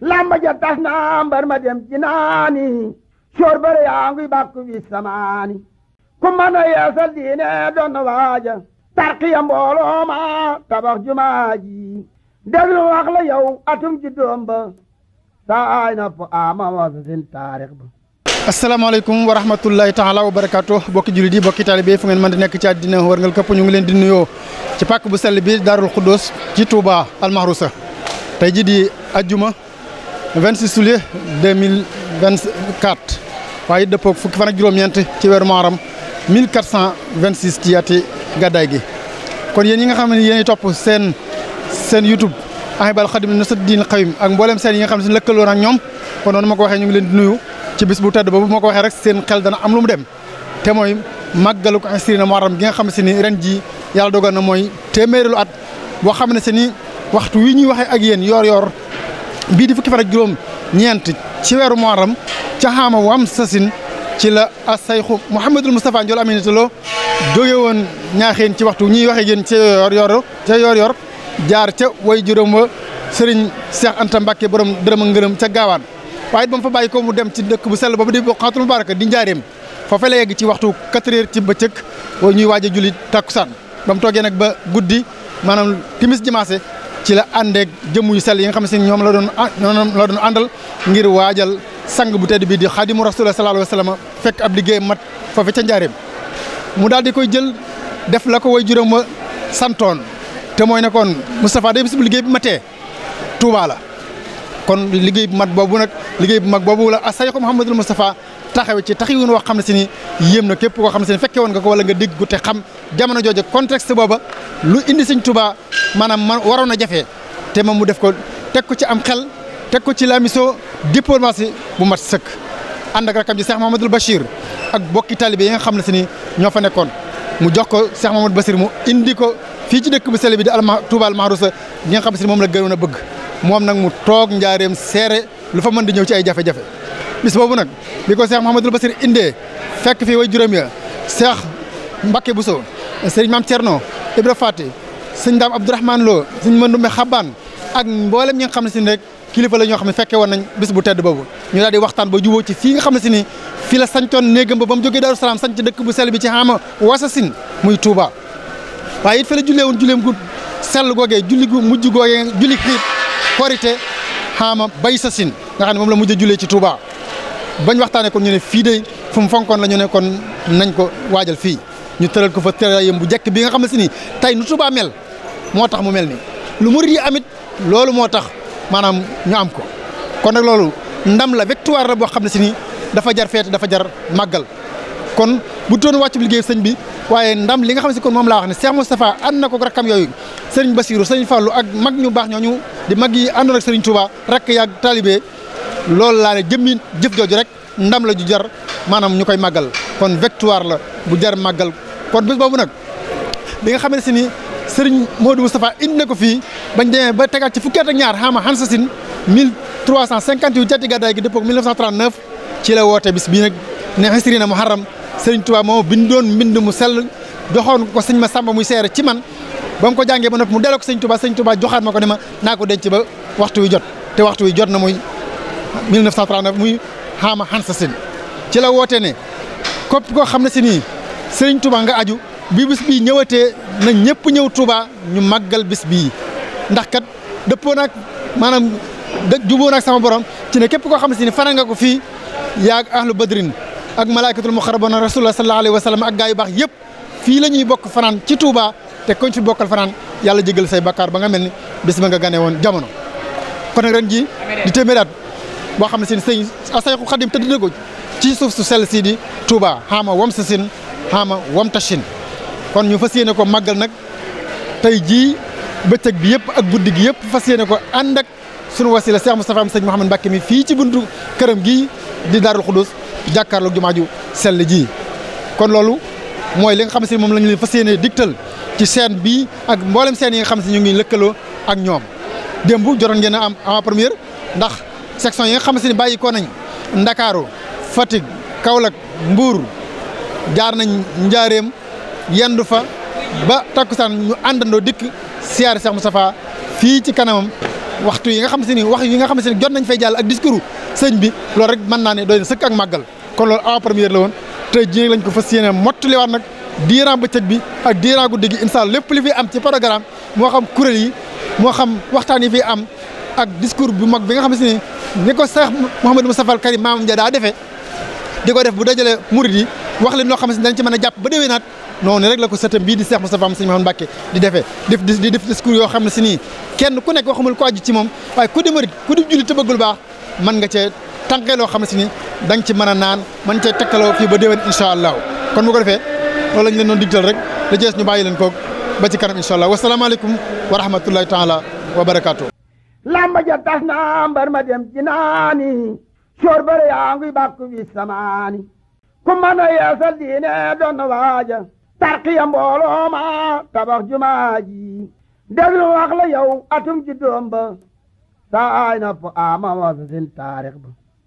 lamba jatah nambar majem jinani syorbar yang wi baku wi samani kumana ya sal dine don waja tarqi am ya bolo ma tabakh jumaaji deglu akla yow atum ci domba sa ay na fa ama wa zin tarikh ba assalamu alaykum wa rahmatullahi ta'ala wa barakatuh bokk julidi bokk talibe fu ngeen man di nek ci adina war ngal kep ñu ngi len di nuyo ci pak bu sel bi darul qudus ci touba al mahrusa tay ji di aljuma 26 juillet 2024 waaye dëppoog fukki fan ak juróom-ñeent ci weeru maaram 1426 ci yaati gàddaay gi kon yéen ñi nga xam ne yéenay topp seen seen YouTube Ahibahil Khadim Nasruddin Qawim ak mboolem seen yi nga xam ne lëkkaloo na ak ñoom kon noonu ma ko waxee ñu ngi leen di nuyu ci bis bu tedd boobu ma ko waxee rek seen xel dana am lu mu dem te mooy màggalu ko asrina Muharram gi nga xam si ni ren ji yàlla dogal na mooy téeméeri at boo xam ne si waxtu wi ñuy waxee ak yéen yor bii di fukki fan juróom ñeent ci weeru Muharram ca xaama wam sasin ci la asayxu Mouhamadul Moustapha Ndiol Aminata Lo jóge woon ñaaxeen ci waxtu ñuy waxe géen ca yor yor ca yor jaar ca way juróom wa sëriñ Cheikh Anta Mbacke borom dërëm a ngërëm ca gaawaan waaye it ba fa bàyyi ko mu dem ci dëkk bu sell boobu di xaatul mubaraka di njaareem foofe la yegg ci waxtu 4 heures cëkk bëccëg ñuy waaj a julli takkusaan ba mu toogee nag ba guddi maanaam timis jimaase ci la àndeek jëmm yu sell yi nga xam ne si ñoom la doon ñoom la doon àndal ngir waajal sang bu tedd bi di xadimu rasulullah sallallahu alayhi wa sallam fekk ab liggéey mat foofu ca njaareem mu daal di koy jël def la ko way juróom wa santoon te mooy ne kon Moustapha day bis bu liggéey bi matee Touba la kon liggéey bu mat boobu nag liggéey bu mag boobu la asayxu Mouhamadul Moustapha taxawe ci tax taxawin woo xam ne si ni yéem na képp koo xam ne si ni fekke woon nga ko wala nga dégg ko te xam jamono jooju contexte booba lu indi siñ Tuubaa maanaam man waroon a jafe te moom mu def ko teg ko ci am xel teg ko ci la mission diplomatie bu mat sëkk ànd ak rakam ji Cheikh Mamadou Bachir ak bokki talibé yi nga xam ne si ni ñoo fa nekkoon mu jox ko Cheikh Mamadou Bachir mu indi ko fii ci dëkk bu sell bi di alma Touba almahrusa ñi nga xam ne si moom la gënoon a bëgg moom nag mu toog njaareem seere lu fa mën di ñëw ci ay jafe bis bobu nak biko ko Cheikh Mouhamadoul Bassir Inde, fekk fi way juróom ya Cheikh Mbacké Bousso serigne mam Thierno Ibra faté serigne dam abdourahman Lo mandou me khaban ak mboolem ñi nga xamni ci nek kilifa la ño xamni fekke won nañ bis bu tedd bobu ñu daldi di waxtaan ba juwo ci fi nga xamni ni fi la sancoon negam ba bam mu daru salam sant ci dekk bu sel bi ci xama wasasin muy Touba waaye it fa la julé won julém gu sel googee julli gu mujj googee julli xit korité xama bay sasin nga xamni mom la mujj julé ci Touba bañ waxtaanee kon ñu ne fii de fu mu la ñu ne kon nañ ko waajal fii ñu tëral ko fa tëraayam bu njëkk bi nga xam ne ni tey nu Touba mel moo mu mel lu murid amit loolu moo manam maanaam ñu am ko kon nag loolu ndam la victoire la boo dafa jar feet dafa jar màggal kon bu doon wàccu liggéey sëñ bi waaye ndam li nga xam ne si kon moom laa wax ne Cheikh Moustapha ànd na ko rakkam yooyu sëriñ Bassirou sëriñ ak mag ñu baax ñooñu di mag yi àndoon ak sëriñ Touba rakk yaag taalibe lol la ne jëmmi jëf joju rek ndam la ju jar manam ñukay magal kon victoire la bu jar magal kon bés bobu nak bi nga xamante ni Serigne Modou mustapha indi ko fi bañ déme ba tégal ci fukki ak ñaar xama hansasin 1358 jatti gaday gi depok 1939 ci la wote bis bi nak ne hasrina Muharram Serigne Touba mo bindon bindu mu sel doxon ko serigne ma samba muy séré ci man bam ko jangé ba noppi mu delloo serigne Touba serigne Touba joxat mako ne ma nako denc ba waxtu wi jot te waxtu wi jot na muy 1939 muy xaama Hansa Sène ci la woote ne képp koo xam ne si nii Serigne Touba nga aju bii bis bii ñëwatee na ñëpp ñëw Touba ñu màggal bis bii ndax kat dëppoo naag maanaam dëgg juboo naag sama borom ci ne képp koo xam ne si nii fanaan nga ko fii yaag ahlu badrin ak malaikatul muqarrabuna rasulullah sallallahu alayhi wa sallam ak gaa yu baax yëpp fii la ñuy bokk fanaan ci Touba te koñ fi bokkal fanaan yàlla jegal say bakaar ba nga mel ni bis ba nga gane woon jamono kon ren boo xam ne si sëñ Seexu Xadim tëdd na ko ci suuf su sell sii di Touba xaama wom sa sin xaama wam tashin kon ñu fas yéene ko màggal nag tey jii bëccëg bi yëpp ak guddi gi yëpp fas yéene ko ànd ak sunu seex Cheikh Moustapha am sëñ Mouhamed Mbacké mi fii ci buntu këram gii di Daarul Xudus jàkkaarloog jumaa ju sell ji kon loolu mooy li nga xam si moom lañu ñu leen fas yéene digtal ci seen bii ak mboolem seen yi nga xam si ñu ngi lëkkaloo ak ñoom démb jotoon ngeen a am avant première ndax. section yi nga xamanteni ni ko nañ ndakaaru fatick kaolack mbour jaar nañ njaareem yendu fa ba takusan ñu andando dik siar Cheikh Moustapha fi ci kanamam waxtu yi nga xamanteni wax yi nga xamanteni jot nañ fay jall ak discours señ bi lool rek man naa ne doy ak magal kon lool avant première la lañ ko bi ak diiran gu gi incha lepp li fi am ci programme mo xam kurel yi mo xam waxtani fi am ak discours bu mag bi nga xamanteni ni ko Cheikh Mouhamadou Moustapha Al Karim maamam ja daa defee di ko def bu dajale murid yi wax leen loo xam ne dañ ci mën a jàpp ba déwénaat noonu rek la ko sëtam bii di Cheikh Moustapha Sëñ Mouhamadou Mbacké di defee def di def discours yoo xam ne si nii kenn ku nekk ko aju ci moom waaye ku di murid ku di julli te bëggul baax mën nga cee tànqee loo mën a naan man cee tegtaloo fii ba déwén incha allah kon bu ko defee loolu lañ leen doon digtal rek la jees ñu bàyyi leen koog ba ci kanam incha allah wasalaamaaleykum wa rahmatullahi taala wa barakaatu lamba ja tas na ma dem ci soor bare yaa ngi bàkku bi samaani ku mën yeesal diine doon waaja tarqiya mbooloo ma tabax jumaa ji déglu yow atum ji doom ba saa ay na po ama wasasin taarix ba